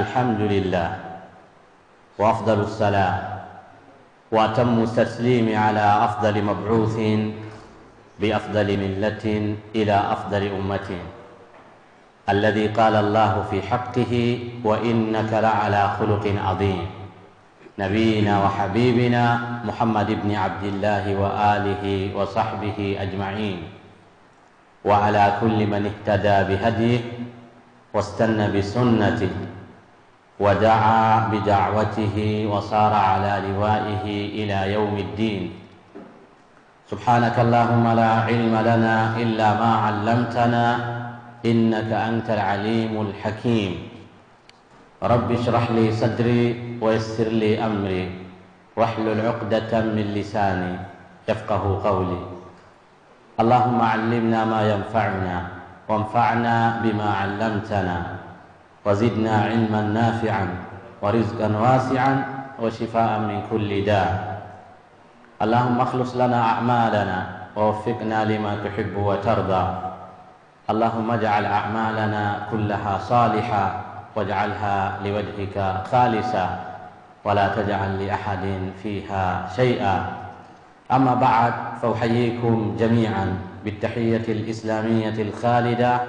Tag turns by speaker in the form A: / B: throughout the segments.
A: الحمد لله وأفضل الصلاة وأتم التسليم على أفضل مبعوث بأفضل ملة إلى أفضل أمة الذي قال الله في حقه وإنك لعلى خلق عظيم نبينا وحبيبنا محمد بن عبد الله وآله وصحبه أجمعين وعلى كل من اهتدى بهديه واستنى بسنته ودعا بدعوته وصار على لوائه إلى يوم الدين سبحانك اللهم لا علم لنا إلا ما علمتنا إنك أنت العليم الحكيم رب اشرح لي صدري ويسر لي أمري واحلل عقدة من لساني يفقه قولي اللهم علمنا ما ينفعنا وانفعنا بما علمتنا وزدنا علما نافعا ورزقا واسعا وشفاء من كل داء اللهم اخلص لنا أعمالنا ووفقنا لما تحب وترضى اللهم اجعل أعمالنا كلها صالحة واجعلها لوجهك خالصة ولا تجعل لأحد فيها شيئا أما بعد فأحييكم جميعا بالتحية الإسلامية الخالدة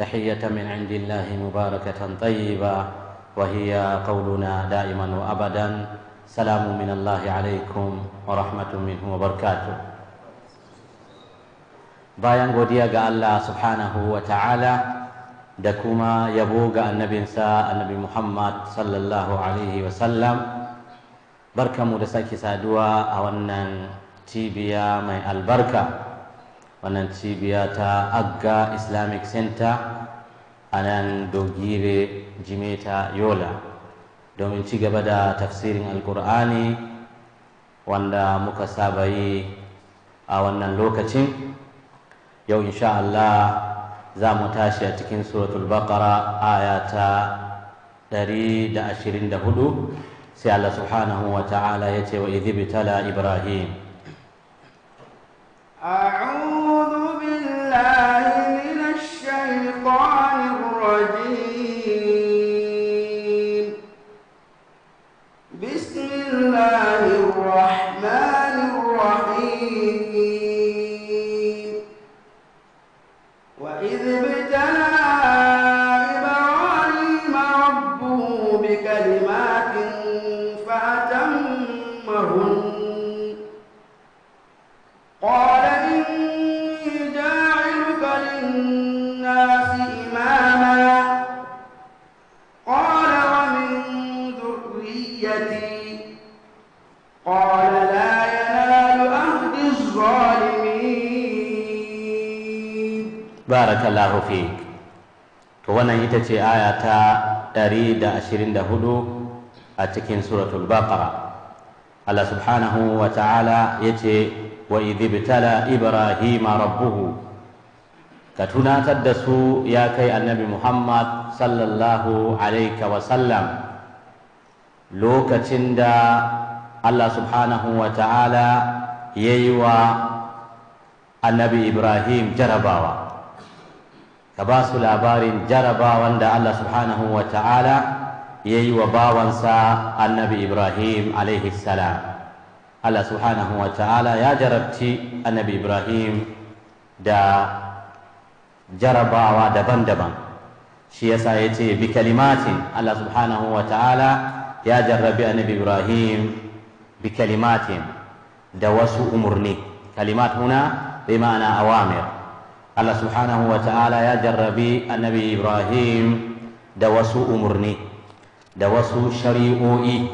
A: تحية من عند الله مباركة طيبة وهي قولنا دائما وأبدا سلام من الله عليكم ورحمة منه وبركاته بايان قديقة الله سبحانه وتعالى دكما يبوغ النبي نساء النبي محمد صلى الله عليه وسلم بركة مدسكي سادوا أولا تيبيا من البركة wannan cibiya ta agga islamic center a nan dogire jimeta yola domin ci gaba da tafsirin alkur'ani wanda muka saba yi a wannan lokacin yau insha Allah za mu tashi a cikin suratul baqara aya ta 124 sai Allah subhanahu wa ta'ala ya ce wa idh ibrahim بسم الله barakallahu fik to wannan ita ce aya ta 124 a cikin suratul baqara Allah subhanahu wa ta'ala yace wa Ibrahim ibrahima rabbuhu ka tunatar da su ya kai annabi Muhammad sallallahu alaihi wa sallam lokacin da Allah subhanahu wa ta'ala yayi wa annabi Ibrahim jarabawa ka ba su labarin jarabawan da Allah subhanahu wa ta'ala ya yi wa bawansa annabi Ibrahim alaihi salam Allah subhanahu wa ta'ala ya jarabci annabi Ibrahim da jarabawa daban-daban shi yasa ya ce bi kalimatin Allah subhanahu wa ta'ala ya jarrabi annabi Ibrahim bi kalimatin da wasu umurni kalimat huna bi ma'ana awamir Allah subhanahu wa ta'ala ya jarrabi annabi Ibrahim da wasu umurni da wasu shari'o'i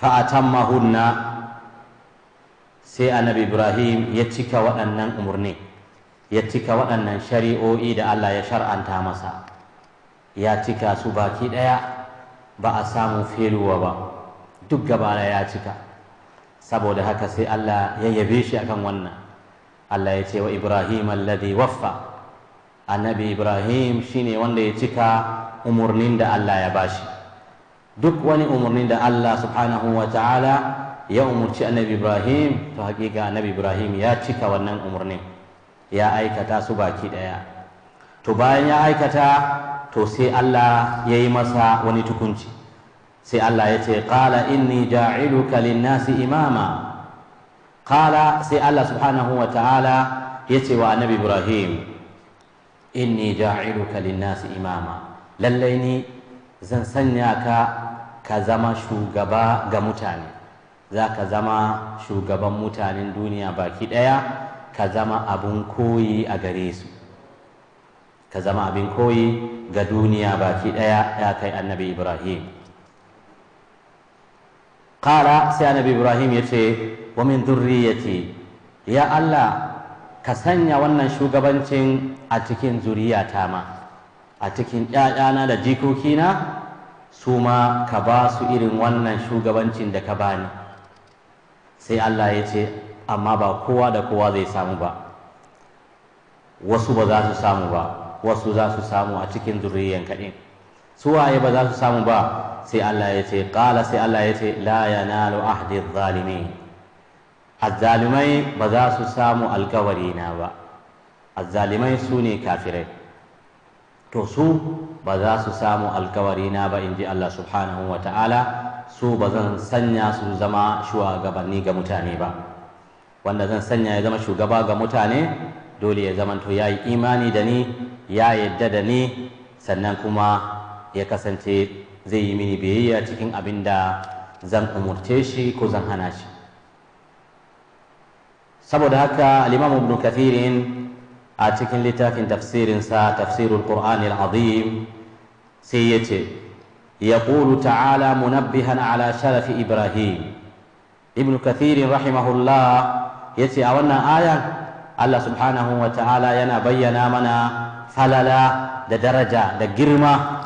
A: fa'atammahunna sai annabi Ibrahim ya cika waɗannan umarni ya cika waɗannan shari'o'i da Allah ya shar'anta masa ya cika su baki ɗaya ba a samu feluwa ba duk gaba ya cika saboda haka sai Allah ya yabe shi akan wannan Allah ya ce wa Ibrahim alladhi waffa annabi Ibrahim shine wanda ya cika umurnin da Allah ya bashi duk wani umurnin da Allah subhanahu wa ta'ala ya umurci annabi Ibrahim to hakika annabi Ibrahim ya cika wannan umurnin ya aikata su baki daya to bayan ya aikata to sai Allah ya yi masa wani tukunci sai Allah ya ce qala inni ja'iluka lin-nasi imama qala sai Allah subhanahu wa ta'ala yace wa annabi Ibrahim inni ja'iluka lin-nasi imama lallai ni zan sanya ka ka zama shugaba ga mutane za ka zama shugaban mutanen duniya baki ɗaya ka zama abin koyi a gare su ka zama abin koyi ga duniya baki ɗaya ya kai annabi ibrahim Ƙara sai annabi ibrahim ya ce wa min dhurriyyati ya allah ka sanya wannan shugabancin a cikin zuriya ta ma a cikin ƴaƴana da jikokina su ma ka ba su irin wannan shugabancin da ka bani sai Allah ya ce amma ba kowa da kowa zai samu ba wasu ba za su samu ba wasu za su samu a cikin zuriyan kaɗin suwaye ba za su samu ba sai Allah ya ce ƙala sai Allah ya ce la yanalu ahdi zalimi azzalimai ba za su samu alkawari na ba azzalimai su ne kafirai to su ba za su samu alkawari na ba in ji Allah subhanahu wa ta'ala su ba zan sanya su zama shugabanni ga mutane ba wanda zan sanya ya zama shugaba ga mutane dole ya zamanto ya yi imani da ni ya yadda da ni sannan kuma ya kasance zai yi mini biyayya cikin abin da zan umurce shi ko zan hana shi saboda haka al-imam ibn kathirin a cikin littafin tafsirinsa tafsirul qur'ani al sai ya ce yaqulu ta'ala munabbihan ala sharafi ibrahim ibn kathirin rahimahullah ce a wannan ayan Allah subhanahu wa ta'ala yana bayyana mana falala da daraja da girma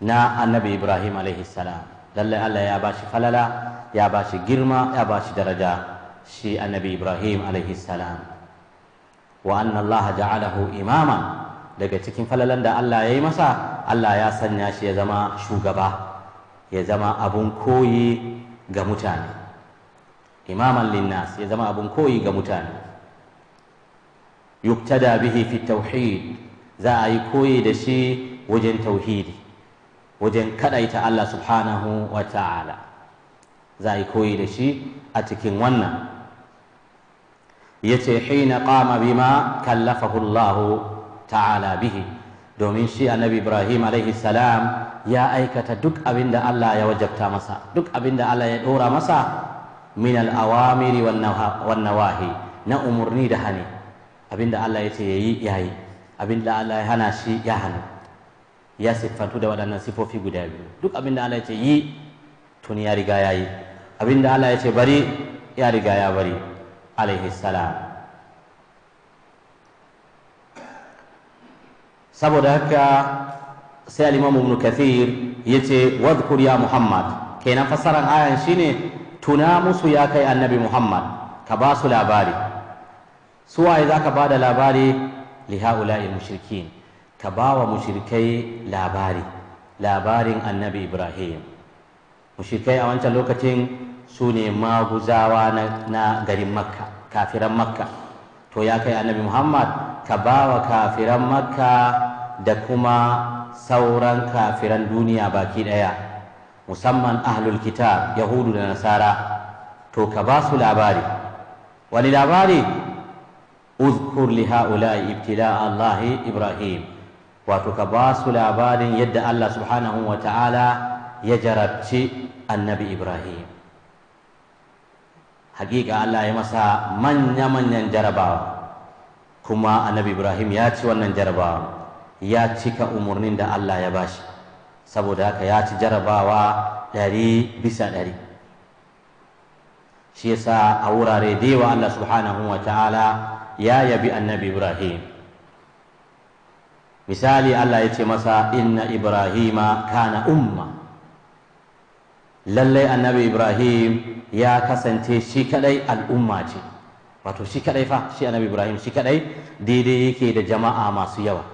A: na annabi ibrahim salam lallai allah ya bashi falala ya bashi girma ya bashi daraja shi annabi ibrahim salam wa anna allaha ja'alahu imama daga cikin falalan da allah ya yi masa allah ya sanya shi ya zama shugaba ya zama abun koyi ga mutane imaman linnas ya zama abun koyi ga mutane yuktada bihi fi tauhid za a yi koyi da shi wajen tauhidi wajen kaɗaita Allah subhanahu wa ta'ala za a yi koyi da shi a cikin wannan ya ce hina kama bima ma kallafahullahu ta'ala bihi domin shi annabi Ibrahim alaihi salam ya aikata duk abin da Allah ya wajabta masa duk abin da Allah ya ɗora masa min al wan nawahi na umurni da hani abin da Allah ya ce yayi yayi abin da Allah ya hana shi ya hana ya siffantu da waɗannan sifofi guda biyu duk abin da Allah ya ce yi tuni ya riga ya yi abin da Allah ya ce bari ya riga ya bari alaihi salam saboda haka sai al-Imam Ibn Kathir yace wadhkur ya Muhammad kenan fasaran ayan shine tuna musu ya kai annabi Muhammad ka ba su labari suwaye ka ba da labari li haula'il mushrikin ka ba wa mushrikai labari labarin annabi ibrahim mushirkai a wancan lokacin su ne maguzawa na garin makka kafiran makka to ya kai annabi muhammad ka ba wa kafiran makka da kuma sauran kafiran duniya baki ɗaya musamman ahlul kitab yahudu da nasara to ka ba su labari wani labari uzkur li ha'ula'i ibtila'a allahi ibrahim wato ka ba su labarin yadda Allah subhanahu wa ta'ala ya jarabci annabi Ibrahim hakika Allah ya masa manya-manyan jarabawa kuma annabi Ibrahim ya ci wannan jarabawa ya cika umarnin da Allah ya bashi saboda haka ya ci jarabawa ɗari bisa ɗari shi yasa a wurare da yawa Allah subhanahu wa ta'ala ya yabi annabi Ibrahim misali Allah ya ce masa inna ibrahima kana umma lallai annabi ibrahim ya kasance shi kadai al'umma ce wato shi kadai fa shi annabi ibrahim shi kadai daidai yake da jama'a masu yawa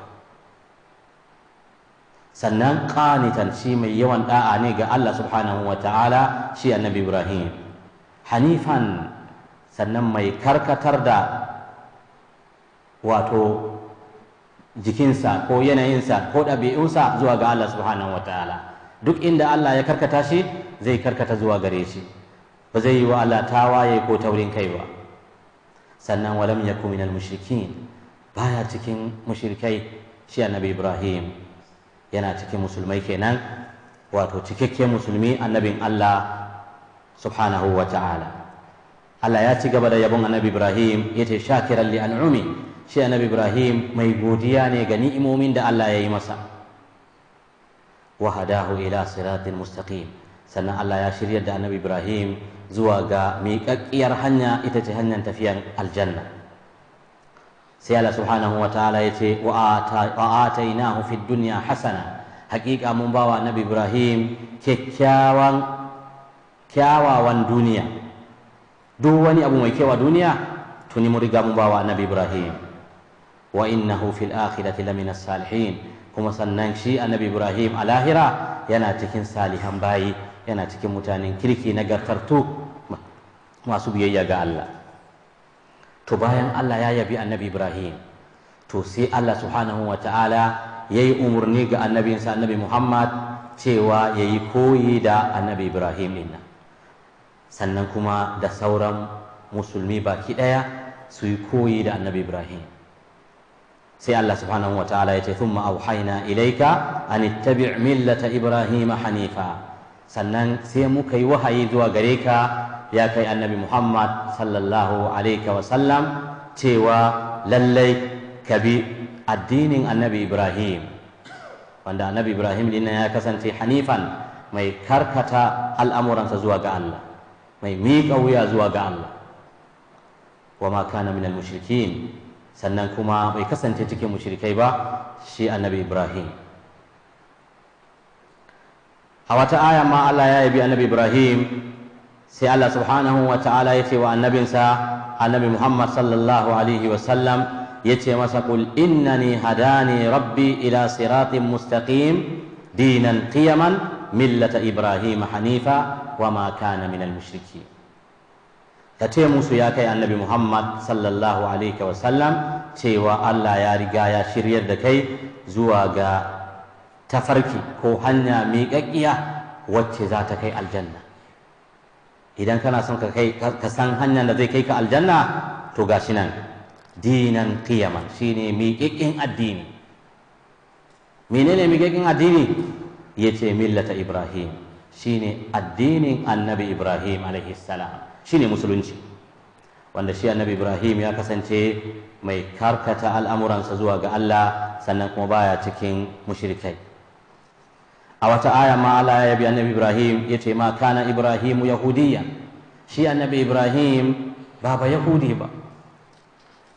A: sannan qanitan shi mai yawan da'a ne ga Allah subhanahu wa ta'ala shi annabi ibrahim hanifan sannan mai karkatar da wato jikinsa ko yanayinsa ko ɗabi'unsa zuwa ga Allah subhanahu ta'ala. duk inda Allah ya karkata shi zai karkata zuwa gare shi ba zai yi wa Allah tawaye ko taurin kai ba sannan walam ya minal mushrikin baya cikin mushrikai shi annabi Ibrahim yana cikin musulmai kenan wato cikakken musulmi annabin Allah subhanahu ta'ala. Allah ya ci gaba da yabon annabi Ibrahim yace shakiran li an'umi shi annabi ibrahim mai godiya ne ga ni'imomin da allah ya yi masa wahadahu ila siratin mustaqim sannan allah ya shirya da annabi ibrahim zuwa ga miƙaƙƙiyar hanya ita ce hanyar tafiyar aljanna sai allah subhanahu wa ta'ala ya ce wa atainahu fi duniya hasana haƙiƙa mun bawa annabi ibrahim kyakkyawan kyawawan duniya duk wani abu mai kyawa duniya tuni mun riga mun bawa annabi ibrahim wa innahu fil akhirati lamina salihin kuma sannan shi annabi ibrahim a lahira yana cikin salihan bayi yana cikin mutanen kirki na gartartu masu biyayya ga allah to bayan allah ya yabi annabi ibrahim to sai allah subhanahu wa ta'ala ya yi umarni ga annabinsa annabi muhammad cewa ya yi koyi da annabi ibrahim ɗin sannan kuma da sauran musulmi baki ɗaya su yi koyi da annabi ibrahim sai Allah subhanahu wa ta'ala ya ce thumma auhayna ilaika an ittabi' millata ibrahima hanifa sannan sai muka yi wahayi zuwa gare ka ya kai annabi muhammad sallallahu alaihi wa sallam cewa lallai ka bi addinin annabi ibrahim wanda annabi ibrahim din ya kasance hanifan mai karkata al'amuransa zuwa ga allah mai miƙa wuya zuwa ga allah wa ma kana minal mushrikin sannan kuma bai kasance cikin mushrikai ba shi annabi ibrahim a wata aya ma Allah ya yabi annabi ibrahim sai Allah subhanahu wa ta'ala ya ce wa annabinsa annabi muhammad sallallahu alaihi wa sallam yace masa qul innani hadani rabbi ila siratin mustaqim dinan qiyaman millata ibrahim hanifa wa ma kana minal mushrikin ka ce musu ya kai annabi muhammad sallallahu alaihi wasallam cewa allah ya riga ya shiryar da kai zuwa ga tafarki ko hanya miƙaƙƙiya wacce za ta kai aljanna idan kana son ka san hanyar da zai kai ka aljanna to gashi nan dinan shi shine miƙaƙƙin addini menene miƙaƙƙin addini Ya ce millata ibrahim shine addinin annabi ibrahim alaihi salam shine musulunci wanda shi annabi ibrahim ya kasance mai karkata al'amuransa zuwa ga allah sannan kuma baya cikin mushrikai a wata aya ma allah ya bi annabi ibrahim ya ce ma kana ibrahim yahudiya shi annabi ibrahim ba ba yahudi ba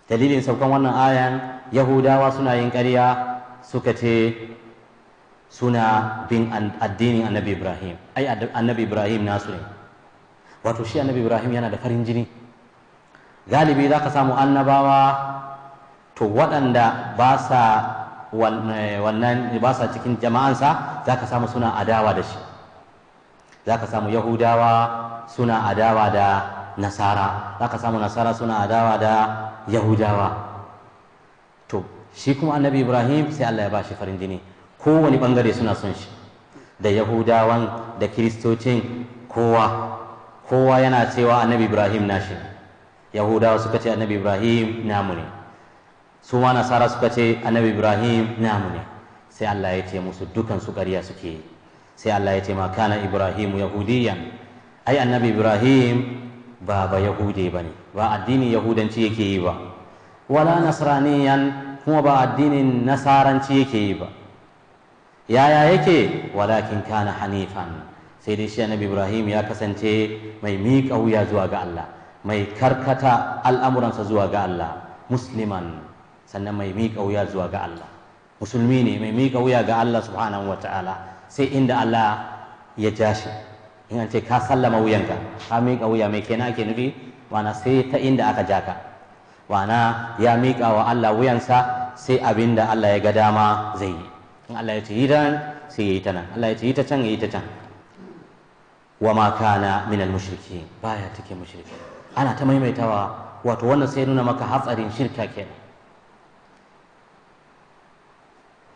A: dalilin saukan wannan ayan yahudawa suna yin ƙarya suka ce suna bin addinin annabi ibrahim ai annabi ibrahim nasu ne wato shi annabi ibrahim yana da farin jini galibi za ka samu annabawa to waɗanda ba sa eh, wannan ba sa cikin jama'ansa za ka samu suna adawa da shi za ka samu yahudawa suna adawa da nasara za ka samu nasara suna adawa da yahudawa to shi kuma annabi ibrahim sai allah ya ba shi farin jini kowane bangare suna son shi da yahudawan da kiristocin kowa kowa yana cewa annabi ibrahim nashi yahudawa suka ce annabi ibrahim namu ne su ma nasara suka ce annabi ibrahim namu ne sai allah ya ce musu dukan su ƙarya suke yi sai allah ya ce ma kana ibrahim yahudiyan ai annabi ibrahim ba ba yahude ba ne ba addinin yahudanci yake yi ba wala nasraniyan kuma ba addinin nasaranci yake yi ba yaya yake walakin kana hanifan sai dai shi annabi ibrahim ya kasance mai miƙa wuya zuwa ga allah mai karkata al'amuransa zuwa ga allah musliman sannan mai miƙa wuya zuwa ga allah musulmi ne mai miƙa wuya ga allah subhanahu wa ta'ala sai inda allah ya ja shi in an ce ka sallama wuyanka ka miƙa wuya mai kenan ake nufi wana sai ta inda aka ja ka wana ya miƙa wa allah wuyansa sai abinda da allah ya ga dama zai yi in allah ya ce yi ta nan sai ya yi ta nan allah ya ce yi ta can ya yi ta can wa ma kana min al-mushriki baya take mushriki ana ta maimaitawa wato wannan sai nuna maka hatsarin shirka kenan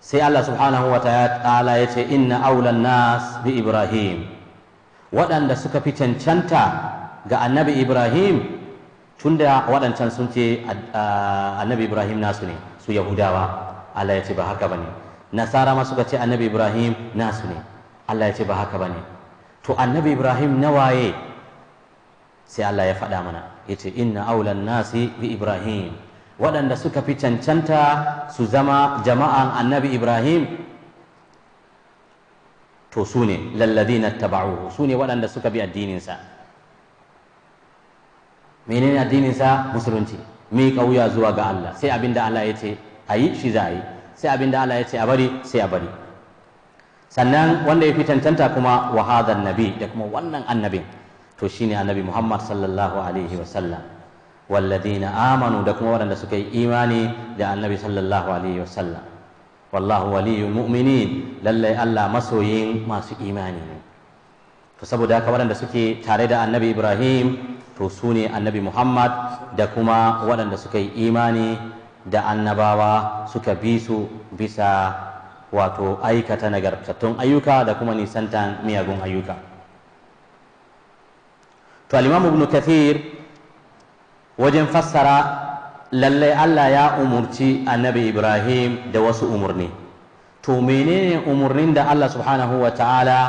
A: sai Allah subhanahu wa ta'ala ya ce inna aulan nas bi Ibrahim waɗanda suka fi cancanta ga annabi Ibrahim tunda waɗancan sun ce annabi Ibrahim nasu ne su Yahudawa Allah ya ce ba haka bane nasara ma suka ce annabi Ibrahim nasu ne Allah ya ce ba haka bane to annabi ibrahim na waye sai Allah ya faɗa mana yace inna aulan nasi bi ibrahim waɗanda suka fi cancanta su zama jama'an annabi ibrahim to su ne na taba'uhu su ne waɗanda suka bi addininsa menene addininsa musulunci mi ƙauya zuwa ga Allah sai abinda Allah ya ce a yi shi za a yi sai abinda Allah ya ce a bari sai a bari sannan wanda ya fi tantanta kuma wa hadhan nabi da kuma wannan annabin to shine annabi Muhammad sallallahu alaihi wa sallam walladina amanu da kuma waɗanda suka yi imani da annabi sallallahu alaihi wa sallam wallahu waliyul mu'minin lallai Allah masoyin masu imani ne to saboda haka waɗanda suke tare da annabi Ibrahim to su ne annabi Muhammad da kuma waɗanda suka yi imani da annabawa suka bi su bisa wato aikata nagartattun ayyuka da kuma nisantan miyagun ayyuka to al-imam ibn kathir wajen fassara lallai Allah ya umurci annabi Ibrahim da wasu umurni to menene umurnin da Allah subhanahu wa ta'ala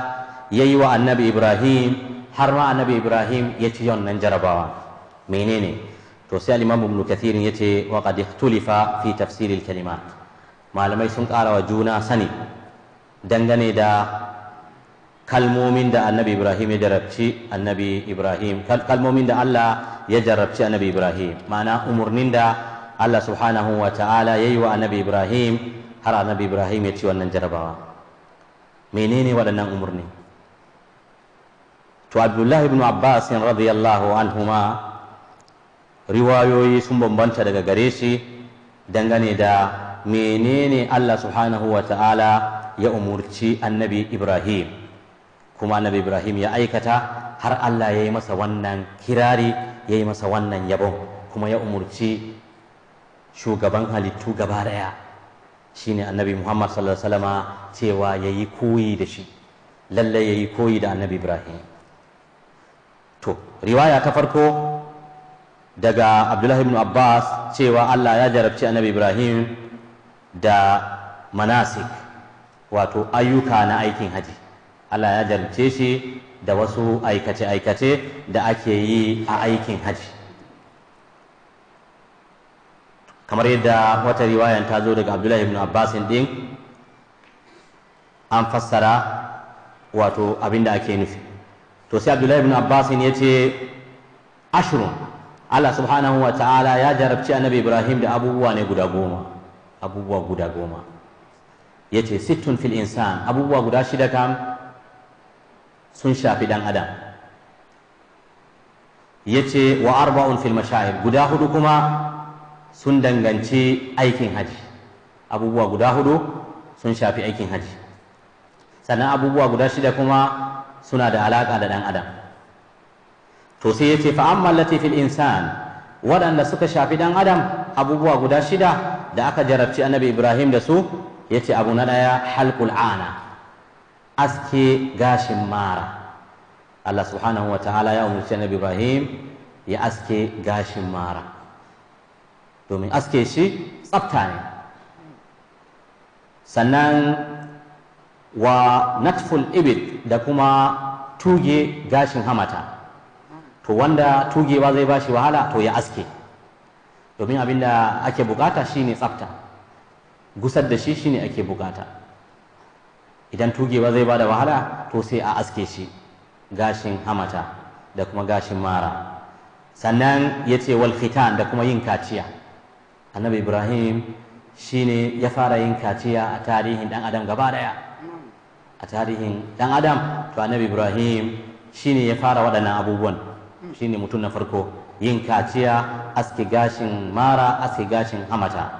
A: ya yi wa annabi Ibrahim har ma annabi Ibrahim ya ci wannan jarabawa menene to sai al-imam ibn kathir yace wa qad ihtulifa fi tafsir al-kalimat malamai sun ƙara wa juna sani dangane da kalmomin da annabi ibrahim ya jarabci annabi ibrahim kalmomin da allah ya jarabci annabi ibrahim ma'ana umarnin da allah subhanahu wa ta'ala ya yi wa annabi ibrahim har annabi ibrahim ya ci wannan jarabawa menene waɗannan umarni to abdullahi ibn abbas radiyallahu anhuma riwayoyi sun bambanta daga gare shi dangane da menene Allah subhanahu wa ta'ala ya umurci annabi Ibrahim kuma annabi Ibrahim ya aikata har Allah ya yi masa wannan kirari ya yi masa wannan yabon kuma ya umurci shugaban halittu gaba daya shine annabi Muhammad sallallahu alaihi wasallama cewa yayi koyi da shi lalle yayi koyi da annabi Ibrahim to riwaya ta farko daga Abdullahi ibn Abbas cewa Allah ya jarabci annabi Ibrahim da manasik wato ayyuka na aikin haji Allah ya jarumce shi da wasu aikace-aikace da ake yi a aikin haji kamar yadda wata riwayan ta zo daga abdullahi ibn abbas din an fassara wato abin da ake nufi to sai abdullahi ibn abbas ya ce ashirin allah subhanahu wa ta'ala ya jarabci annabi ibrahim da abubuwa ne guda goma abubuwa guda goma ya ce sittun fil insan abubuwa guda shida kam sun shafi dan adam ya ce wa arba'un fil mashahir guda hudu kuma sun danganci aikin haji abubuwa guda hudu sun shafi aikin haji sannan abubuwa guda shida kuma suna da alaƙa da ɗan adam to sai ya ce Lati latifin insan waɗanda suka shafi ɗan adam abubuwa guda shida da aka jarabci annabi ibrahim da su ya ce abu na ɗaya halkul ana aske gashin mara allah subhanahu wa ta'ala ya umarci annabi ibrahim ya aske gashin mara domin aske shi tsafta ne sannan wa natful ibid da kuma tuge gashin hamata to wanda tugewa zai ba shi wahala to ya aske domin abin da ake bukata shine tsafta gusar da shi shine ake bukata idan tugewa zai ba da wahala to sai a aske shi gashin hamata da kuma gashin mara sannan ya ce wal khitan da kuma yin kaciya annabi ibrahim shine ya fara yin kaciya a tarihin dan adam gaba daya a tarihin dan adam to annabi ibrahim shi ne ya fara waɗannan abubuwan shine mutum na farko yin kaciya aske gashin mara aske gashin amata.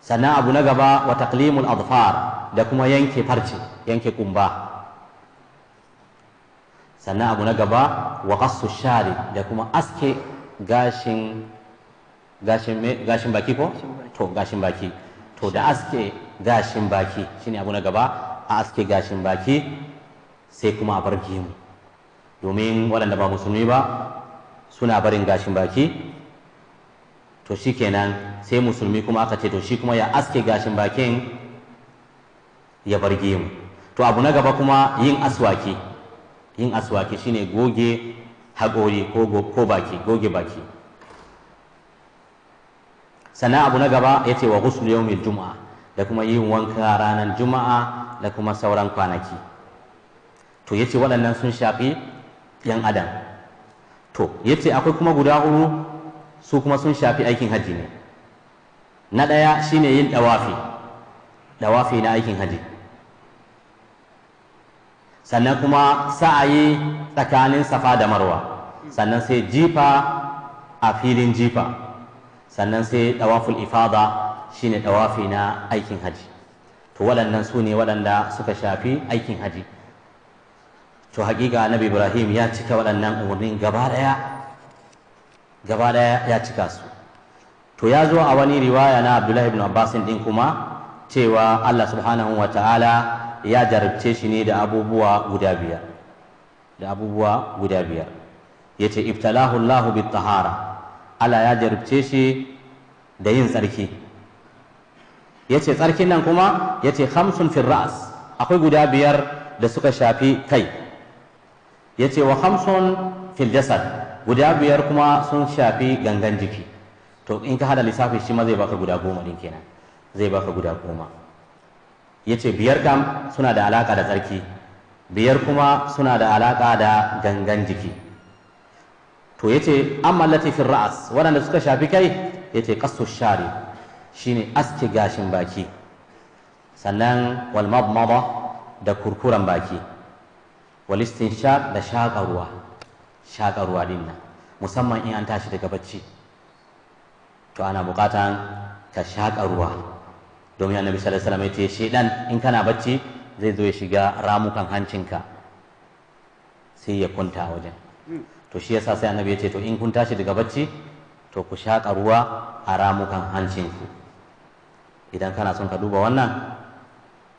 A: sannan abu na gaba wa taklimun adfar da kuma yanke farce yanke kumba sannan abu na gaba wa kasu shari da kuma aske gashin gashin gashin baki ko to gashin baki to da aske gashin baki shine abu na gaba a aske gashin baki sai kuma a bar gemu domin waɗanda ba musulmi ba suna barin gashin baki to shi kenan sai musulmi kuma aka ce to shi kuma ya aske gashin bakin ya bar mu. to abu na gaba kuma yin aswaki yin aswaki shine goge haƙori ko baki goge baki sannan abu na gaba ya ce wa ghuslu yawmil juma'a da kuma yin wanka ranar juma'a da kuma sauran kwanaki to ya ce waɗannan sun shafi 'yan adam to ya akwai kuma guda hudu su kuma sun shafi aikin hajji ne na ɗaya shine yin ɗawafi ɗawafi na aikin hajji sannan kuma sa'ayi tsakanin safa da marwa sannan sai jifa a filin jifa sannan sai ɗawaful ifada shine ɗawafi na aikin hajji to waɗannan su ne waɗanda suka shafi aikin hajji to hakika annabi ibrahim ya cika waɗannan umarnin gaba ɗaya ya cika su to ya zo a wani riwaya na abdullahi ibn abbas din kuma cewa allah subhanahu wa ta'ala ya jarabce shi ne da abubuwa guda biyar da abubuwa guda biyar ya ce ibtalahu allahu bi allah ya jarabce shi da yin tsarki ya ce tsarkin nan kuma ya ce hamsun fil ra'as akwai guda biyar da suka shafi kai ya ce wa hamsun fil jasad guda biyar kuma sun shafi gangan jiki to in ka hada lissafi shi ma zai baka guda goma din kenan zai baka guda goma ya ce biyar kam suna da alaka da tsarki biyar kuma suna da alaka da gangan jiki to ya ce amma latifin ra'as waɗanda suka shafi kai ya ce kasu shari shine aske gashin baki sannan walmabmaba da kurkuren baki walistin sha da shaƙa ruwa din nan musamman in an tashi daga bacci to ana buƙatan ka shaƙa ruwa domin annabi sallallahu alaihi wasallam ya ce shedan in kana bacci zai zo ya shiga ramukan hancinka sai ya kunta wajen to shi yasa sai annabi ya ce to in kun tashi daga bacci to ku shaƙa ruwa a ramukan hancinku idan kana son ka duba wannan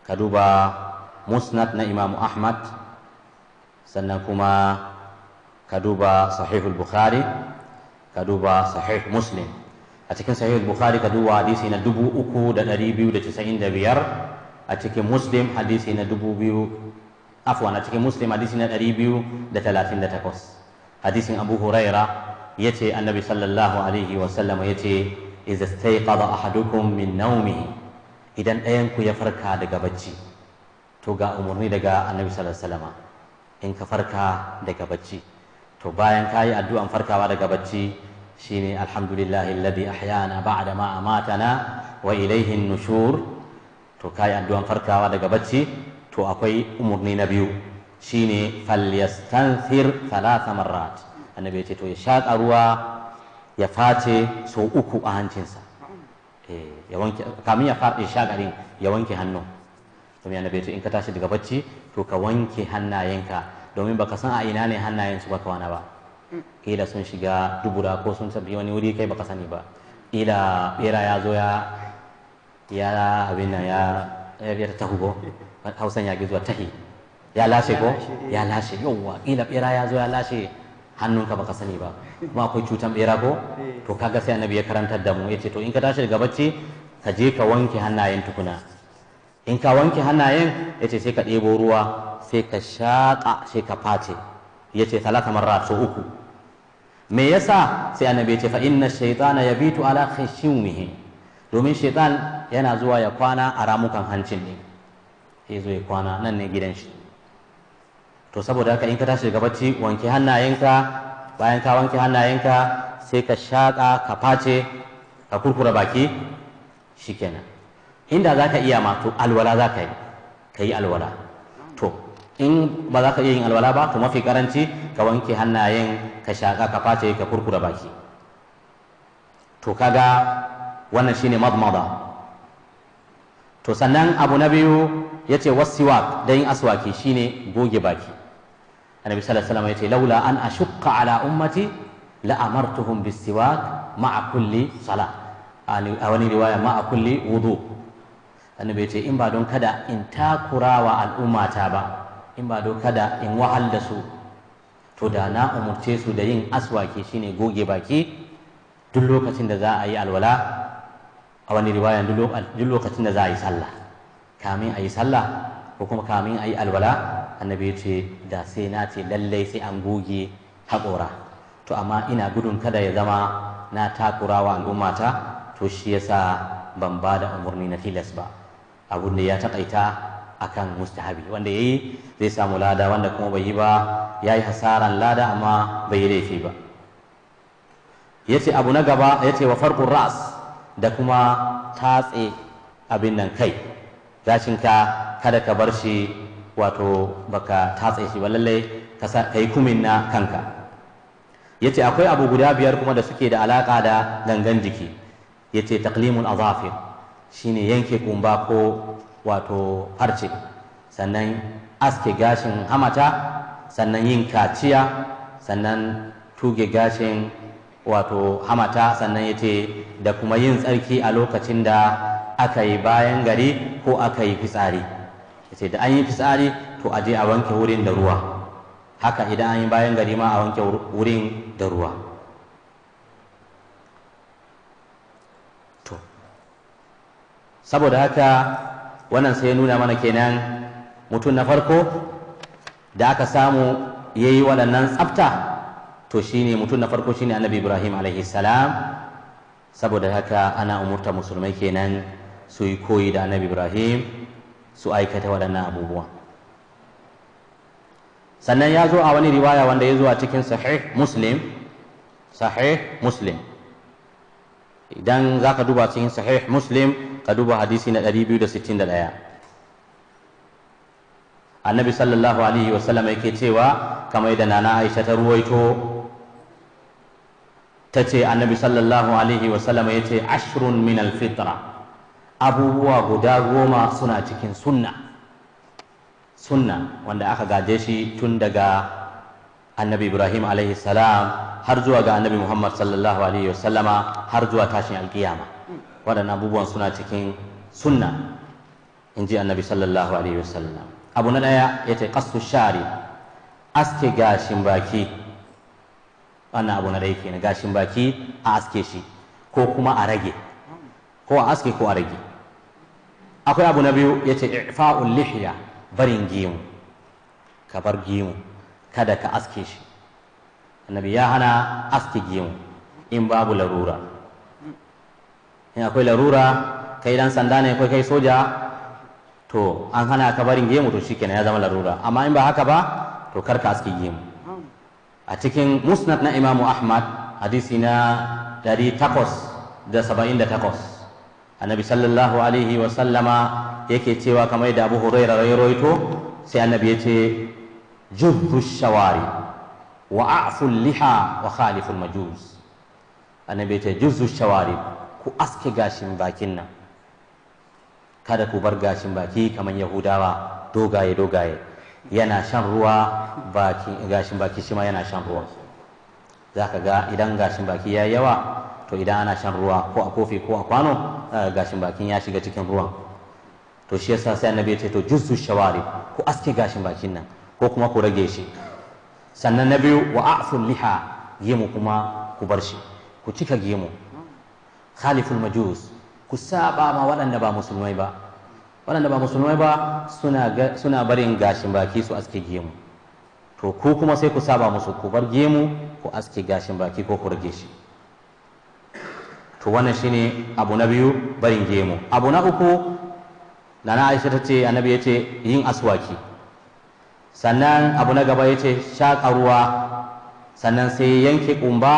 A: ka duba musnad na imamu ahmad sannan kuma ka duba sahihul bukhari ka duba sahih muslim a cikin sahihul bukhari ka duba hadisi na 3295 a cikin muslim hadisi na 2000 afwan a cikin muslim hadisi na 238 hadisin abu huraira yace annabi sallallahu alaihi wa sallam yace idza stayqadha ahadukum min nawmihi idan ɗayan ku ya farka daga bacci to ga umarni daga annabi sallallahu alaihi wa sallama in ka farka daga bacci to bayan ka yi addu'an farkawa daga bacci shine alhamdulillah alladhi ahyana ba'da ma amatana wa ilayhi nushur to ka yi addu'an farkawa daga bacci to akwai umurni na biyu shine falyastanthir thalatha marrat annabi ya ce to ya shaƙa ruwa ya face so uku a hancinsa eh, kamin ya faɗi shagarin ya wanke hannu domin annabi ya ce in ka tashi daga bacci to ka wanke hannayenka domin baka san a ina ne hannayen su baka wani ba kila sun shiga dubura ko sun tafi wani wuri kai baka sani ba kila bera ya zo ya ya abin nan ya ya ta tahugo hausan ya gizuwa tahi ya lashe ko ya lashe yauwa kila bera ya zo ya lashe hannunka baka sani ba kuma akwai cutan bera ko to kaga sai annabi ya karantar da mu yace to in ka tashi daga bacci ka je ka wanke hannayen tukuna in ka wanke hannayen ya ce sai ka ɗebo ruwa sai ka shaƙa sai ka face ya ce talata marra so uku me yasa sai annabi ya ce fa inna shaytana yabitu ala domin shaitan yana zuwa ya kwana a ramukan hancin ne ya zo ya kwana nan ne gidan shi to saboda haka in ka tashi daga bacci wanke hannayenka bayan ka wanke hannayenka sai ka shaƙa ka face ka kurkura baki shikenan inda za ka iya ma to alwala za ka yi ka yi alwala to in ba za ka iya yin alwala ba to mafi karanci ka wanke hannayen ka shaƙa ka face ka kurkura baki to kaga wannan shine madmada to sannan abu na biyu yace wasiwak da yin aswaki shine goge baki annabi sallallahu alaihi wasallam yace laula an ashqa ala ummati la amartuhum bisiwak ma'a kulli salah a wani riwaya ma'a kulli wudu' annabi ce in ba don kada in takurawa al'ummata ba in ba don kada in wahal da su to da na umurce su da yin aswaki shine goge baki duk lokacin da za a yi alwala a wani riwaya duk lokacin da za a yi sallah kamin a yi sallah ko kuma kamin a yi alwala annabi ce da sai na ce lallai sai an goge haƙora to amma ina gudun kada ya zama na takurawa al'ummata to shi yasa ban ba da umurni na tilas ba abun da ya taƙaita a akan mustahabi wanda yayi zai samu lada wanda kuma bai yi ba yayi hasaran lada amma bai yi laifi ba yace abu na gaba yace wa farqur ras da kuma tatse abin nan kai gashin ka kada ka bar shi wato baka tatse shi ba lallai ka yi kumin na kanka yace akwai abu guda biyar kuma da suke da alaƙa da gangan jiki yace taqlimul azafir shine yanke kumba ko wato harce sannan aske gashin hamata sannan yin kaciya sannan tuge gashin wato hamata sannan yace da kuma yin tsarki a lokacin da aka yi bayan gari ko aka yi fitsari ya da an yi fitsari to a je a wanke wurin da ruwa haka idan an yi bayan gari ma a wanke wurin da ruwa saboda haka wannan sai ya nuna mana kenan mutum na farko da aka samu ya yi waɗannan tsafta to shine mutum na farko shine annabi ibrahim alaihi salam saboda haka ana umurta musulmai kenan su yi koyi da annabi ibrahim su aikata waɗannan abubuwa sannan ya zo a wani riwaya wanda ya zo a cikin sahih muslim sahih muslim idan za ka duba cikin sahih muslim ka duba hadisi na 261 annabi sallallahu alaihi wasallam yake cewa kamar da nana aisha ta ruwaito ta ce annabi sallallahu alaihi wasallam ya ce ashirin min alfitra abubuwa guda goma suna cikin sunna sunna wanda aka gaje shi tun daga annabi ibrahim alaihi salam har zuwa ga annabi muhammad sallallahu alaihi wasallama har zuwa tashin alkiyama waɗannan abubuwan suna cikin sunna in ji annabi sallallahu alaihi wasallam abu na ɗaya ya ce ƙasu shari aske gashin baki wannan abu na ɗaya kenan gashin baki a aske shi ko kuma a rage ko a aske ko a rage akwai abu na biyu ya ce ifa'ul lihiya barin gemu ka bar gemu kada ka aske shi annabi ya hana aske gemu in babu larura in akwai larura kai dan sanda ne kai kai soja to an hana ka barin gemu to shikenan ya zama larura amma in ba haka ba to kar ka aske gemu a cikin musnad na Imam ahmad hadisi na dari da da takwas annabi sallallahu alaihi wa sallama yake cewa kamar da abu hurairah ya sai annabi ya ce jubbu shawari wa a'fu liha wa khalifu majus annabi ta juzzu shawari ku aske gashin bakin nan kada ku bar gashin baki kamar yahudawa dogaye dogaye yana shan ruwa gashin baki shima yana shan ruwa za ka ga idan gashin baki ya yawa to idan ana shan ruwa ko a kofi ko a kwano gashin bakin ya shiga cikin ruwan to shi yasa sai annabi ya ce to juzzu shawari ku aske gashin bakin nan ko kuma ku rage shi sannan na biyu wa aful liha gemu kuma ku bar shi ku cika gemu khaliful majus ku saba ma waɗanda ba musulmai ba waɗanda ba musulmai ba suna barin gashin baki su aske gemu to ku kuma sai ku saba musu ku bar gemu ku aske gashin baki ko ku rage shi to wannan shine abu na biyu barin gemu abu na uku da na aisha ta ce annabi ya yin aswaki sannan abu na gaba ya ce shaƙa ruwa sannan sai yanke ƙumba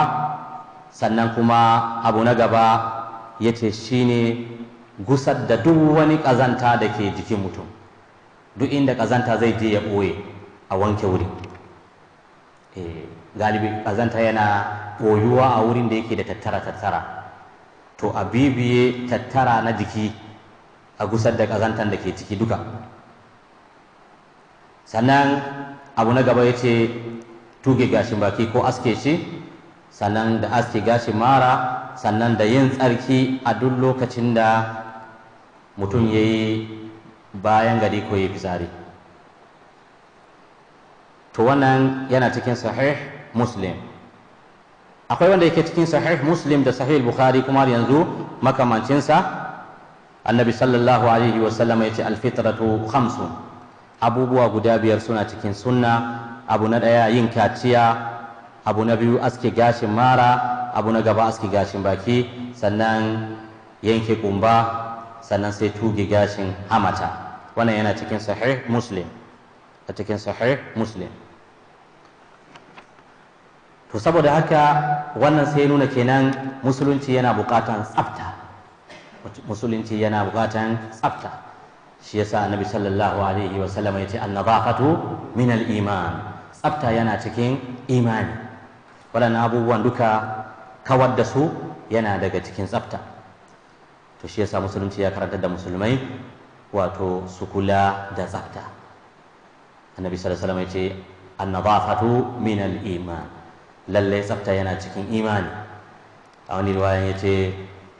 A: sannan kuma abu na gaba ya ce shi ne gusar da duk wani ƙazanta da ke jikin mutum duk inda ƙazanta zai je ya ɓoye a wanke wuri eh, galibi ƙazanta yana ɓoyuwa a wurin da yake da tattara-tattara to a bibiye tattara na jiki a gusar da ƙazantar da ke ciki duka sannan abu na gaba ya ce tuge gashin baki ko aske shi sannan da aske gashi mara sannan da yin tsarki a duk lokacin da mutum ya yi bayan gari ko ya fitsari to wannan yana cikin sahih muslim akwai wanda yake cikin sahih muslim da sahih bukhari kuma yanzu makamancinsa annabi sallallahu alaihi wasallam ya ce alfitratu khamsun abubuwa guda biyar suna cikin sunna abu na ɗaya yin kaciya abu na biyu aske gashin mara abu na gaba aske gashin baki sannan yanke kumba sannan sai tuge gashin hamata wannan yana cikin sahih muslim a cikin sahih muslim to saboda haka wannan sai nuna kenan musulunci yana bukatan tsafta musulunci yana bukatan tsafta shi yasa annabi sallallahu alaihi wa sallam yace annadafatu min al-iman tsafta yana cikin imani waɗannan abubuwan duka kawar da su yana daga cikin tsafta to shi yasa musulunci ya karanta da musulmai wato su kula da tsafta annabi sallallahu alaihi wasallam yace annadafatu min al-iman lalle tsafta yana cikin imani a wani riwaya yace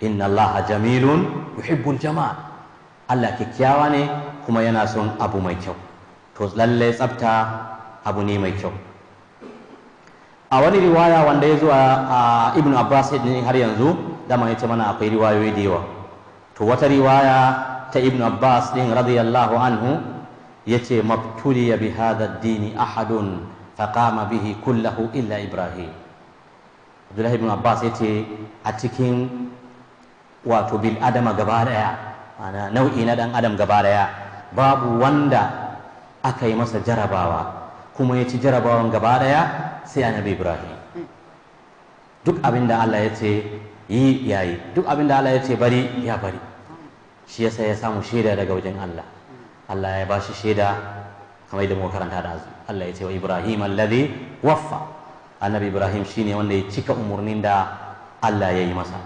A: inna allaha jamilun yuhibbul jamal Allah kyakkyawa ne kuma yana son abu mai kyau to lallai tsafta abu ne mai kyau a wani riwaya wanda ya zo a ibn abbas ne har yanzu dama ya ce mana akwai riwayoyi da yawa to wata riwaya ta ibn abbas din radiyallahu anhu ya ce ya bi hada dini ahadun kama bihi kullahu illa ibrahim abdullahi ibn abbas ya ce a cikin wato bil adama gaba daya ana nau'i na dan adam gaba daya babu wanda aka yi masa jarabawa kuma ya ci jarabawan gaba daya sai annabi ibrahim duk abin da Allah ya ce yi ya yi duk abin da Allah ya ce bari ya bari shi yasa ya samu shaida daga wajen Allah Allah ya shi shaida kamar yadda muka karanta da azu Allah ya ce wa ibrahim alladhi waffa annabi ibrahim shine wanda ya cika umurnin da Allah ya yi masa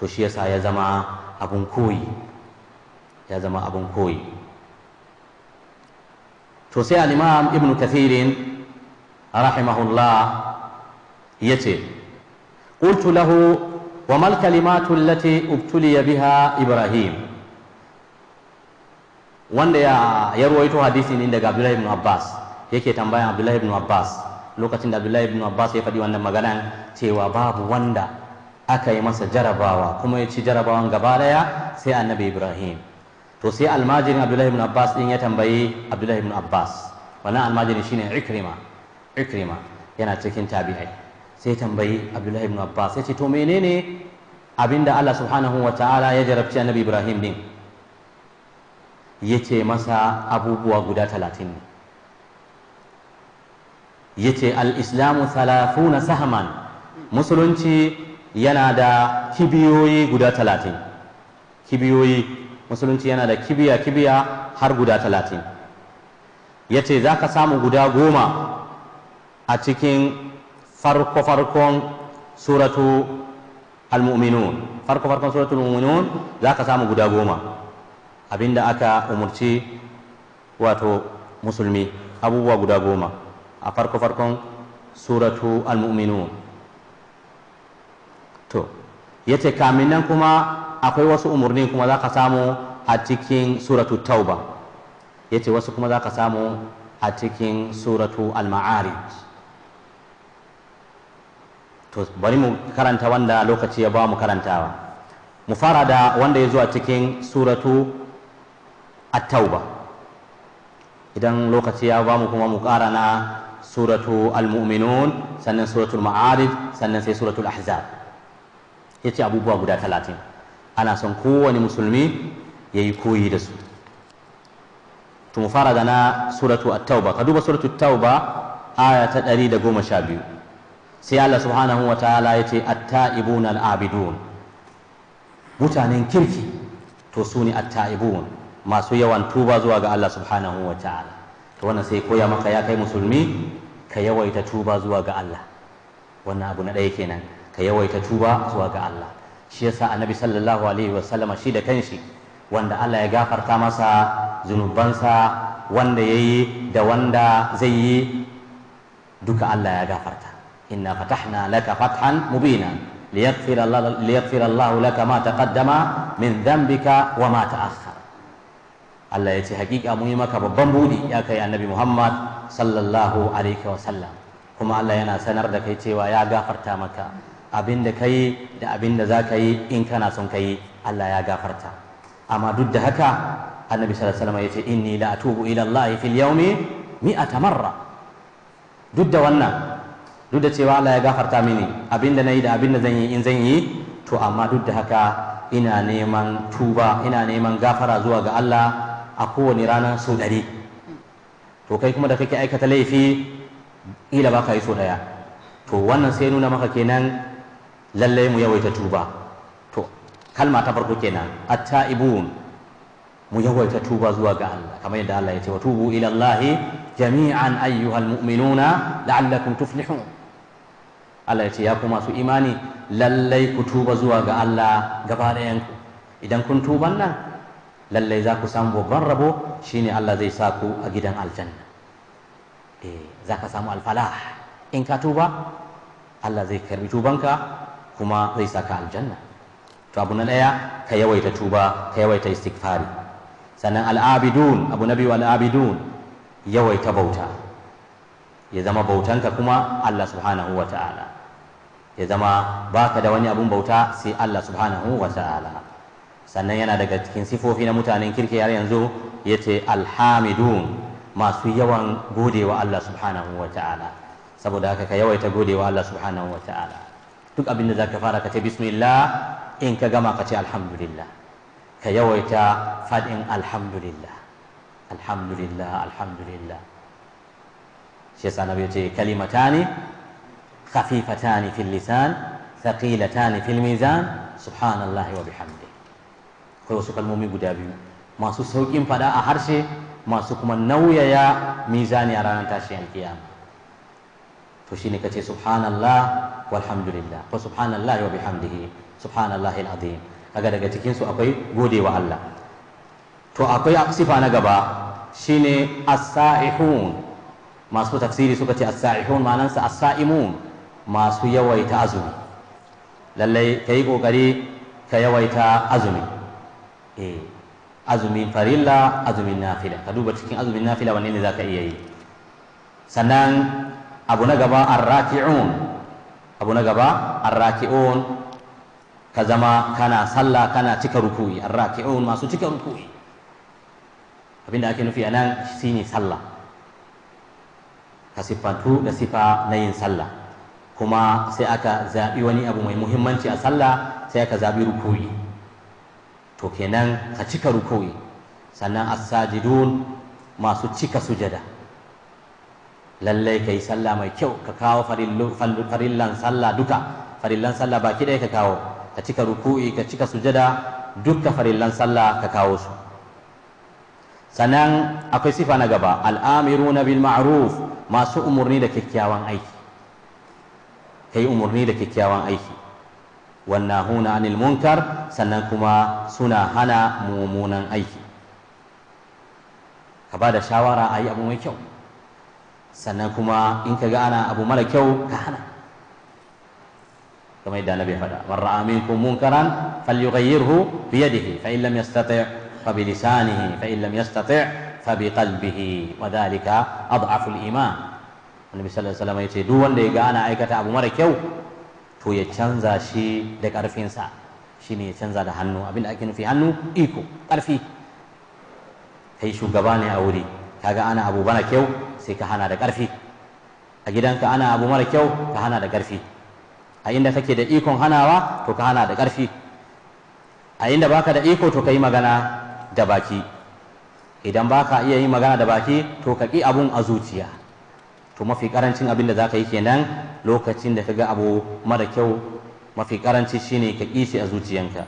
A: to shi yasa ya zama abun koyi ya zama abun koyi to sai al-imam ibn kathirin rahimahullah yace qultu lahu wa mal kalimatu allati ubtuliya biha ibrahim wanda ya ya ruwaito hadisi ne daga abdullahi ibn abbas yake tambaya abdullahi ibn abbas lokacin da abdullahi ibn abbas ya faɗi wannan magana cewa babu wanda aka yi masa jarabawa kuma ya ci jarabawan gaba daya sai annabi ibrahim to sai almajirin abdullahi ibn abbas din ya tambayi abdullahi ibn abbas wannan almajirin shine ikrima ikrima yana cikin tabi'ai sai tambayi abdullahi ibn abbas sai ce to menene abinda allah subhanahu wa ta'ala ya jarabci annabi ibrahim din yace masa abubuwa guda talatin ne ya ce al'islamu salafuna sahman musulunci yana da kibiyoyi guda talatin kibiyoyi musulunci yana da kibiya kibiya har guda talatin ya ce za ka samu guda goma a cikin farko-farkon suratu al-mu'minun farko-farkon suratu al-mu'minun za ka samu guda goma abinda aka umurci wato musulmi abubuwa guda goma a farko-farkon suratu al-mu'minun to yace kamin nan kuma akwai wasu umarni kuma za ka samu a cikin suratu tauba yace wasu kuma za ka samu a cikin suratu al-ma'arij to bari mu karanta wanda lokaci ya ba mu karantawa mu fara da wanda ya zuwa cikin suratu at-tauba idan lokaci ya ba mu kuma mu kara na suratu al-mu'minun sannan al ma'arij sannan sai al ahzab ya ce abubuwa guda talatin ana son kowane musulmi ya yi koyi da su tun mu fara da na suratu at-tauba ka duba suratu at-tauba aya ta ɗari da goma sha biyu sai Allah subhanahu wa ta'ala ya ce at-ta'ibun al-abidun mutanen kirki to su ne at-ta'ibun masu yawan tuba zuwa ga Allah subhanahu wa ta'ala to wannan sai koya maka ya kai musulmi ka yawaita tuba zuwa ga Allah wannan abu na ɗaya kenan ka yawaita tuba zuwa ga Allah shi yasa annabi sallallahu alaihi sallama shi da kanshi wanda Allah ya gafarta masa zunubansa wanda yayi da wanda zai yi duka Allah ya gafarta inna fatahna laka fathan mubina liyaghfira Allah liyaghfira Allah laka ma taqaddama min dhanbika wa ma ta'akhkhar Allah ya ce hakika mun yi maka babban budi ya kai annabi Muhammad sallallahu alaihi wa sallam kuma Allah yana sanar da kai cewa ya gafarta maka abin da ka yi da abin da za ka yi in kana son ka yi Allah ya gafarta amma duk da haka annabi sallallahu alaihi wasallam yace inni la atubu ila Allah fil yawmi mi'ata marra duk da wannan duk da cewa Allah ya gafarta mini abin da nayi da abin da zan yi in zan yi to amma duk da haka ina neman tuba ina neman gafara zuwa ga Allah a kowane rana sau ɗari to kai kuma da kake aikata laifi ila ba ka yi so daya to wannan sai nuna maka kenan lallai mu yawaita tuba to kalma ta farko kenan at-ta'ibun mu yawaita tuba zuwa ga Allah kamar yadda Allah ya ce wa tubu ila Allah jami'an ayyuhal mu'minuna la'allakum tuflihun Allah ya ce ya ku masu imani lallai ku tuba zuwa ga Allah gaba ku idan kun tuban nan lallai za ku samu babban rabo shine Allah zai sa ku a gidan aljanna eh za ka samu alfalah in ka tuba Allah zai karbi tubanka kuma zai saka aljanna to abu na daya ka yawaita tuba ka yawaita istighfari sannan al'abidun abu na biyu al'abidun yawaita bauta ya zama bautanka kuma Allah subhanahu wa ta'ala ya zama baka da wani abun bauta sai Allah subhanahu wa ta'ala sannan yana daga cikin sifofi na mutanen kirki har yanzu yace alhamidun masu yawan godewa Allah subhanahu wa ta'ala saboda haka ka yawaita godewa Allah subhanahu wa ta'ala duk abin da za fara ka ce bismillah in ka gama ka ce alhamdulillah ka yawaita fadin alhamdulillah alhamdulillah alhamdulillah shi yasa nabi yace kalimatani khafifatani fil lisan thaqilatani fil mizan subhanallahi wa bihamdi ko su kalmo mi guda biyu masu saukin fada a harshe masu kuma nauyaya mizani a ranar tashin kiyama to shine kace subhanallah walhamdulillah fa subhanallahi wa bihamdihi subhanallahi alazim kaga daga cikin su akwai wa Allah to akwai sifa na gaba shine as-sa'ihun masu tafsiri suka ce as-sa'ihun ma'anansa as-sa'imun masu yawaita azumi lallai kai kokari ka yawaita azumi eh azumin farilla azumin nafila ka duba cikin azumin nafila wanne ne zaka iya yi sannan abu na gaba arraki'un abu na gaba arraki'un ka zama kana sallah kana cika ruku'i arraki'un masu cika ruku'i abinda ake nufi a nan shine sallah ka siffantu da sifa na yin sallah kuma sai aka zaɓi wani abu mai muhimmanci a sallah sai aka zaɓi ruku'i to kenan ka cika ruku'i sannan as-sajidun masu cika sujada lallai ka yi sallah mai kyau ka kawo farillan sallah duka farillan sallah baki ɗaya ka kawo ka cika ruku'i ka cika sujada duka farillan sallah ka kawo su sannan akwai sifa na gaba al'amiru na bil ma'ruf masu umurni da kyakkyawan aiki kai umurni da kyakkyawan aiki huna anil munkar sannan kuma suna hana mummunan aiki ka ba da shawara a yi abu mai kyau sannan kuma in ka ga ana abu mara kyau ka hana kamar yadda annabi faɗa man ra'a minkum munkaran falyughayyirhu bi yadihi fa in lam yastati' fa bi lisanihi fa in lam yastati' fa bi qalbihi wa dhalika adhafu al-iman annabi sallallahu alaihi wasallam yace duk wanda ya ga ana aikata abu mara kyau to ya canza shi da ƙarfinsa shine ya canza da hannu abinda ake nufi hannu iko ƙarfi kai shugaba ne a wuri kaga ana abu bana kyau sai ka hana da ƙarfi a gidanka ana abu mara kyau ka hana da ƙarfi a inda kake da ikon hanawa to ka hana da ƙarfi a inda baka da iko to ka yi magana da baki idan baka iya yin magana da baki to ka ƙi abun a zuciya to mafi ƙarancin abin da za ka yi kenan lokacin da ka ga abu mara kyau mafi ƙaranci shine ka ƙi shi a zuciyanka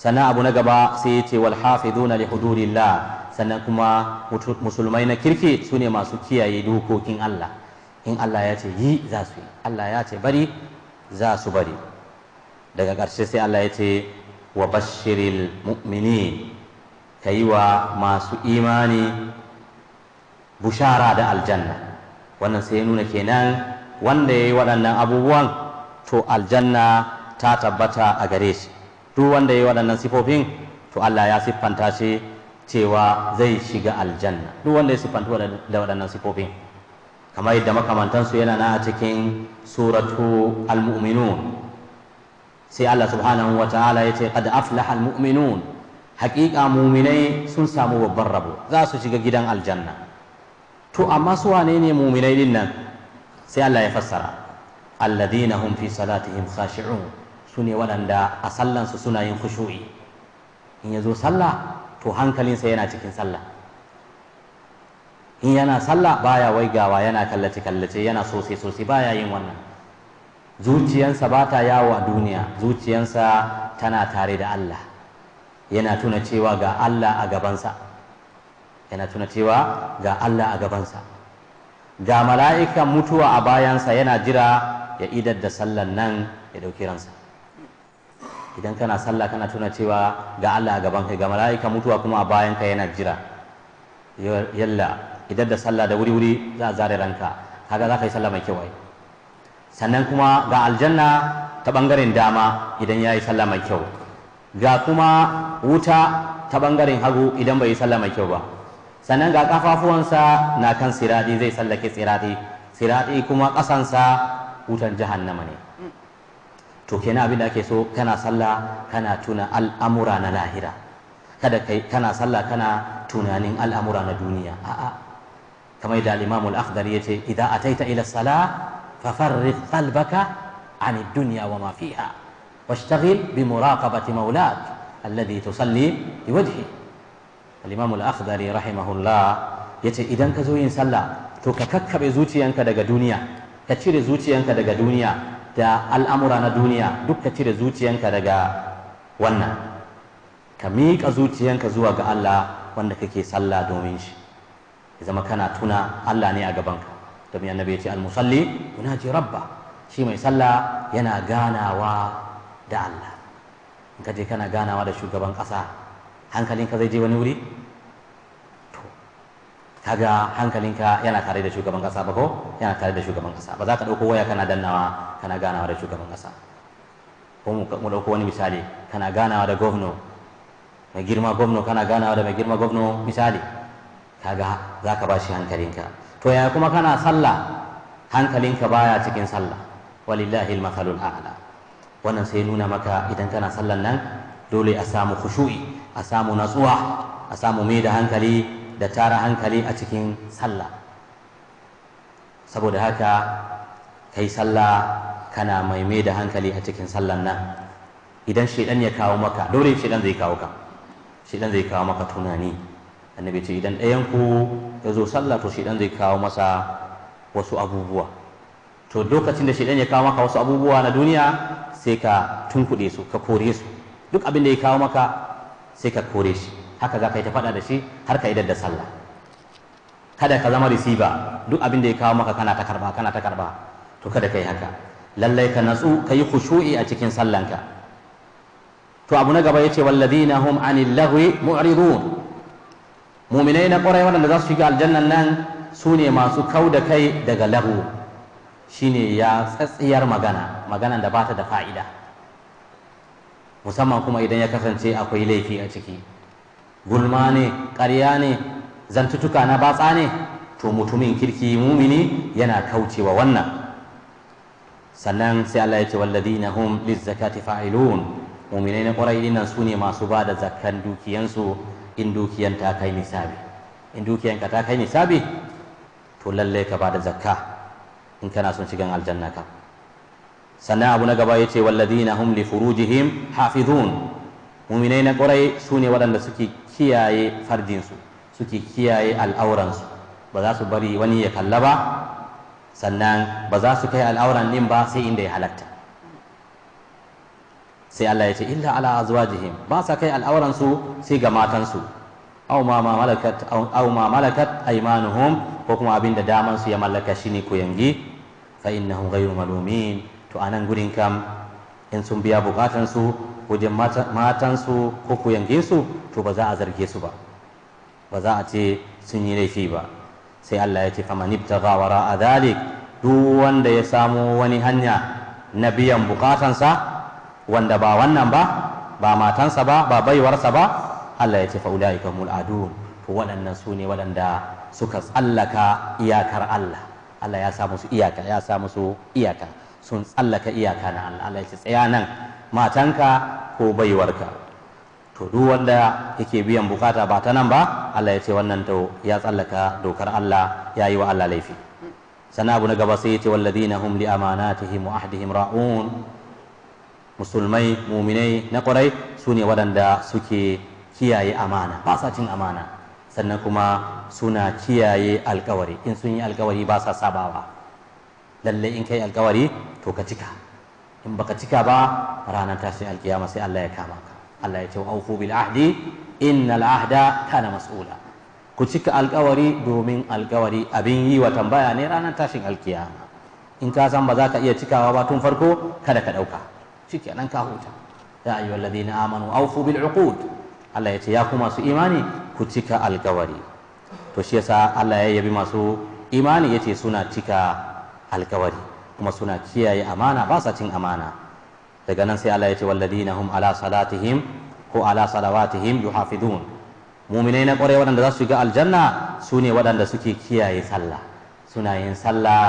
A: sannan abu na gaba sai ya ce wal hafizuna li hududillah sannan kuma musulmai na kirki su ne masu kiyaye dokokin Allah in Allah ya ce yi za su yi Allah ya ce bari za su bari daga ƙarshe sai Allah ya ce wa bashiril mu'mini ka yi wa masu imani bushara da aljanna wannan sai ya nuna kenan wanda ya yi waɗannan abubuwan to aljanna ta tabbata a gare shi duk wanda ya yi waɗannan sifofin to Allah ya siffanta shi cewa zai shiga aljanna duk wanda ya siffanta da waɗannan sifofin kamar yadda makamantansu yana na a cikin suratu al sai Allah subhanahu wa ta'ala ya ce qad aflaha al-mu'minun muminai sun samu babban rabo za su shiga gidan aljanna to amma su wane ne muminai din nan sai Allah ya fassara alladhina hum fi salatihim khashi'un su ne waɗanda a sallansu suna yin khushu'i in ya zo sallah to hankalinsa yana cikin sallah in yana sallah baya waigawa yana kallace kallace yana sosai sosai baya yin wannan zuciyansa ba ta yawo a duniya zuciyansa tana tare da Allah yana tuna cewa ga Allah a gabansa yana tuna cewa ga Allah a gabansa ga mala'ikan mutuwa a bayansa yana jira ya idar da sallan nan ya ɗauki ransa idan kana sallah kana tuna cewa ga Allah a gaban kai ga mala'ika mutuwa kuma a bayan ka yana jira yalla idan da sallah da wuri wuri za a zare ranka kaga za ka yi sallah mai kyau ai sannan kuma ga aljanna ta bangaren dama idan ya yi sallah mai kyau ga kuma wuta ta bangaren hagu idan bai yi sallah mai kyau ba sannan ga kafafuwansa na kan siradi zai sallake siradi siradi kuma kasansa wutan jahannama ne to kenan abin da ake so kana sallah kana tuna al'amura na lahira kada kai kana sallah kana tunanin al'amura na duniya a a kamar yadda al-Imam al akhdar yace idan ataita ila salah farrif qalbaka an ad-dunya wa ma fiha washtagil bi muraqabati mawlak alladhi tusalli bi wajhi al-Imam al akhdar rahimahullah yace idan ka zo yin sallah to ka kakkabe zuciyanka daga duniya ka cire zuciyanka daga duniya da al'amura na duniya duk ka cire zuciyanka daga wannan ka miƙa zuciyanka zuwa ga Allah wanda kake sallah domin shi ya zama kana tuna Allah ne a gabanka domin annabi ya ce al-musalli yunaji rabba shi mai sallah yana ganawa da Allah in ka je kana ganawa da shugaban ƙasa hankalinka zai je wani wuri kaga hankalinka yana tare da shugaban kasa ba ko yana tare da shugaban kasa ba za ka ɗauko waya kana dannawa kana ganawa da shugaban kasa ko mu dauko wani misali kana ganawa da gwamna mai girma gwamna kana ganawa da mai girma gwamna misali kaga za ka ba shi hankalinka to yaya kuma kana sallah hankalinka baya cikin sallah walillahi almathalul a'la wannan sai nuna maka idan kana sallan nan dole a samu khushu'i a samu natsuwa a samu mai da hankali da tara hankali a cikin sallah saboda haka kai sallah kana mai mai da hankali a cikin sallan nan idan shaidan ya kawo maka dole shaidan zai kawo ka shaidan zai kawo maka tunani annabi ce idan ɗayan ku ya zo sallah to shaidan zai kawo masa wasu abubuwa to lokacin da shaidan ya kawo maka wasu abubuwa na duniya sai ka tunkuɗe su ka kore su duk abin da ya kawo maka sai ka kore shi haka za ka yi ta faɗa da shi har ka idar da sallah kada ka zama risiba duk abin da ya kawo maka kana ta karba kana ta karba to kada ka yi haka lallai ka natsu ka yi khushu'i a cikin sallanka to abu na gaba yace walladina hum anil lahwi mu'ridun mu'minai na ƙwarai waɗanda za su shiga aljannan nan su ne masu kau da kai daga lahu shine ya tsatsiyar magana magana da bata da fa'ida musamman kuma idan ya kasance akwai laifi a ciki gulma ne ƙarya ne zantutuka na batsa ne to mutumin kirki mumini yana kaucewa wannan sannan sai Allah ya ce walladina hum lizzakati fa'ilun muminai na ƙwarai dinnan su ne masu ba da zakkan dukiyansu in dukiyan ta kai nisabi in dukiyan ka ta kai nisabi to lallai ka ba da zakka in kana son shigan aljanna ka sannan abu na gaba ya ce walladina hum li furujihim hafizun muminai na ƙwarai su ne waɗanda suke kiyaye farjinsu suke kiyaye al'auransu ba za su bari wani ya kalla ba sannan ba za su kai al'auran din ba sai inda ya halatta sai Allah ya ce illa ala azwajihim ba sa kai al'auransu sai ga matansu aw ma ma malakat aw ma malakat aymanuhum ko kuma abin da daman su ya mallaka shine yangi fa innahum ghayru malumin to anan gurin kam in sun biya bukatansu wajen matansu ko su. to ba za a zarge su ba ba za a ce sun yi laifi ba sai Allah ya ce man ibtaga wara adalik duk wanda ya samu wani hanya na biyan bukatansa wanda ba wannan ba ba matansa ba ba baiwarsa ba Allah ya ce fa ulaika mul adun to waɗannan su ne waɗanda suka tsallaka iyakar Allah Allah ya sa musu iyaka ya sa musu iyaka sun tsallaka iyaka na Allah Allah ya ce tsaya nan matanka ko baiwarka to duk wanda yake biyan bukata ba ta nan ba Allah ya ce wannan to ya tsallaka dokar Allah ya yi wa Allah laifi sana abu na gaba sai ya ce walladina hum li amanatihim wa ahdihim ra'un musulmai muminai na kwarai su ne waɗanda suke kiyaye amana ba sa cin amana sannan kuma suna kiyaye alkawari in sun yi alkawari ba sa sabawa Lallai in kai alkawari to ka cika in baka cika ba ranar tashin alkiyama sai Allah ya kama ka Allah ya ce aufu bil ahdi innal ahda kana mas'ula ku cika alkawari domin alkawari abin yi wa tambaya ne ranar tashin alkiyama in ka san ba za ka iya cikawa ba tun farko kada ka dauka shikenan ka huta ya ayyuhal ladina amanu aufu bil uqud Allah ya ce ya kuma masu imani ku cika alkawari to shi yasa Allah ya yabi masu imani yace suna cika alkawari kuma suna kiyaye amana ba sa cin amana daga nan sai Allah ya ce walladina hum ala salatihim ko ala salawatihim yuhafidun muminai na kwarai waɗanda za su shiga aljanna su ne waɗanda suke kiyaye sallah suna yin sallah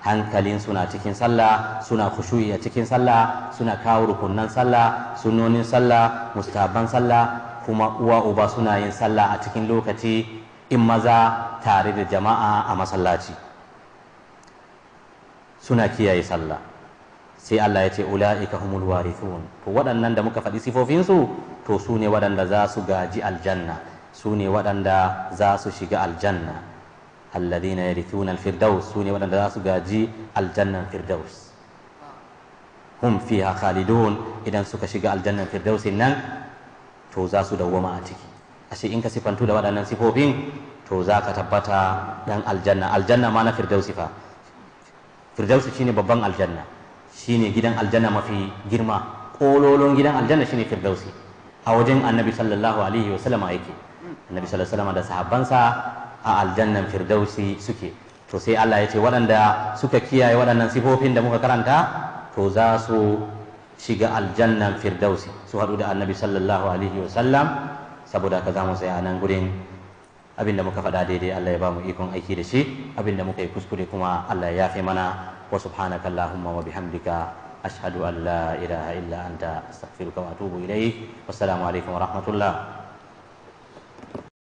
A: hankalin suna cikin sallah suna khushu'i a cikin sallah suna kawo rukunnan sallah sunonin sallah mustaban sallah kuma uwa uba suna yin sallah a cikin lokaci in maza tare da jama'a a masallaci suna kiyaye sallah sai Allah ya ce ula'ika humul warithun to waɗannan da muka faɗi sifofinsu to su ne waɗanda za su gaji aljanna su ne waɗanda za su shiga aljanna alladhina yarithuna alfirdaus su ne waɗanda za su gaji aljannan firdaus hum fiha khalidun idan suka shiga aljannan firdaus nan to za su dawwama a ciki ashe in ka sifantu da waɗannan sifofin to za ka tabbata dan aljanna aljanna ma na firdausi fa firdausu shine babban aljanna shine gidan aljanna mafi girma kololon gidan aljanna shine firdausi a wajen annabi sallallahu alaihi wa sallama yake annabi sallallahu alaihi da sahabbansa a aljannan firdausi suke to sai Allah ya ce waɗanda suka kiyaye waɗannan sifofin da muka karanta to za su shiga aljannan firdausi su haɗu da annabi sallallahu alaihi wa sallam saboda ka za mu tsaya a nan gurin abinda muka faɗa daidai Allah ya ba mu ikon aiki da shi abinda muka yi kuskure kuma Allah ya yafe mana wa subhanaka allahumma wa bihamdika ashhadu an la ilaha illa anta astaghfiruka wa atubu ilayk wassalamu alaikum wa rahmatullah